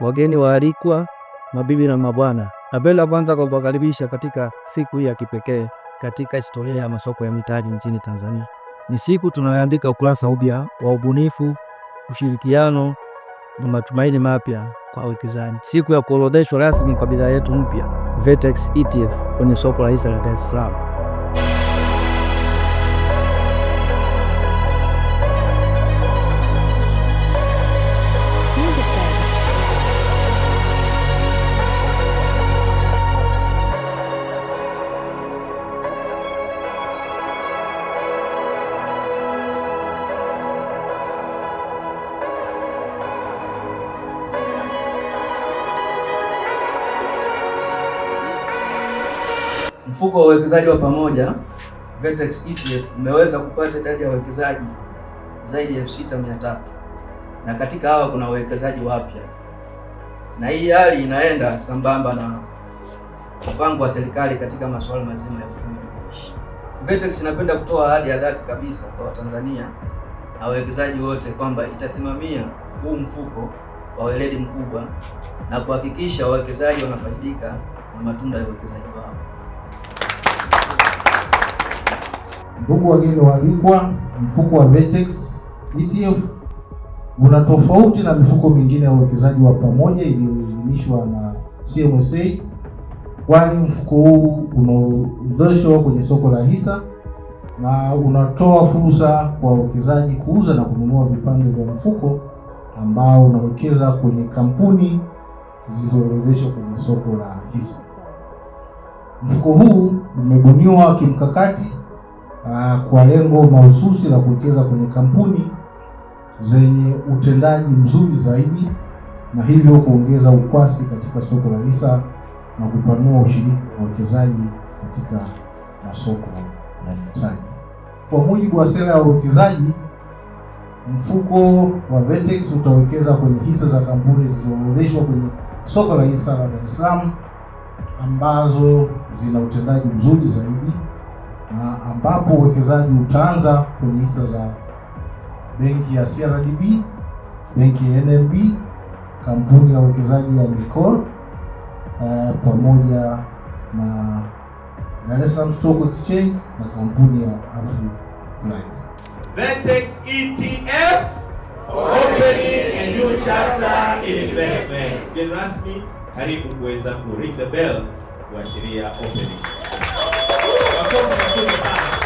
wageni waalikwa, mabibi na mabwana, napenda kwanza kuwakaribisha katika siku hii ya kipekee katika historia ya masoko ya mitaji nchini Tanzania. Ni siku tunayoandika ukurasa upya wa ubunifu, ushirikiano na matumaini mapya kwa wawekezaji, siku ya kuorodheshwa rasmi kwa bidhaa yetu mpya VETEX ETF kwenye soko la hisa la Dar es Salaam. Mfuko wa uwekezaji wa pamoja Vertex ETF umeweza kupata idadi ya wawekezaji zaidi ya elfu sita mia tatu na katika hawa kuna wawekezaji wapya, na hii hali inaenda sambamba na mpango wa serikali katika masuala mazima ya uchumi jumuishi. Vertex inapenda kutoa ahadi ya dhati kabisa kwa Watanzania na wawekezaji wote kwamba itasimamia huu mfuko kwa weledi mkubwa na kuhakikisha wawekezaji wanafaidika na matunda ya uwekezaji wao. Ndugu wageni waalikwa, mfuko wa Vetex ETF una tofauti na mifuko mingine ya uwekezaji wa pamoja iliyoidhinishwa na CMSA, kwani mfuko huu unaorodheshwa kwenye soko la hisa na unatoa fursa kwa wawekezaji kuuza na kununua vipande vya mfuko ambao unawekeza kwenye kampuni zilizoorodheshwa kwenye soko la hisa. Mfuko huu umebuniwa kimkakati Ah, kwa lengo mahususi la kuwekeza kwenye kampuni zenye utendaji mzuri zaidi na hivyo kuongeza ukwasi katika soko la hisa na kupanua ushiriki wa wawekezaji katika masoko ya mitaji. Kwa mujibu wa sera ya uwekezaji, mfuko wa Vertex utawekeza kwenye hisa za kampuni zilizoorodheshwa kwenye soko la hisa la Dar es Salaam ambazo zina utendaji mzuri zaidi ambapo uwekezaji utaanza kwenye hisa za benki ya CRDB, benki ya NMB, kampuni ya uwekezaji ya Nicor uh, eh, pamoja na Dar es Salaam Stock Exchange na kampuni ya Prize. Ventex ETF opening a new chapter in investment. Rasmi karibu kuweza ku ring the bell kuashiria opening. Uma salva palmas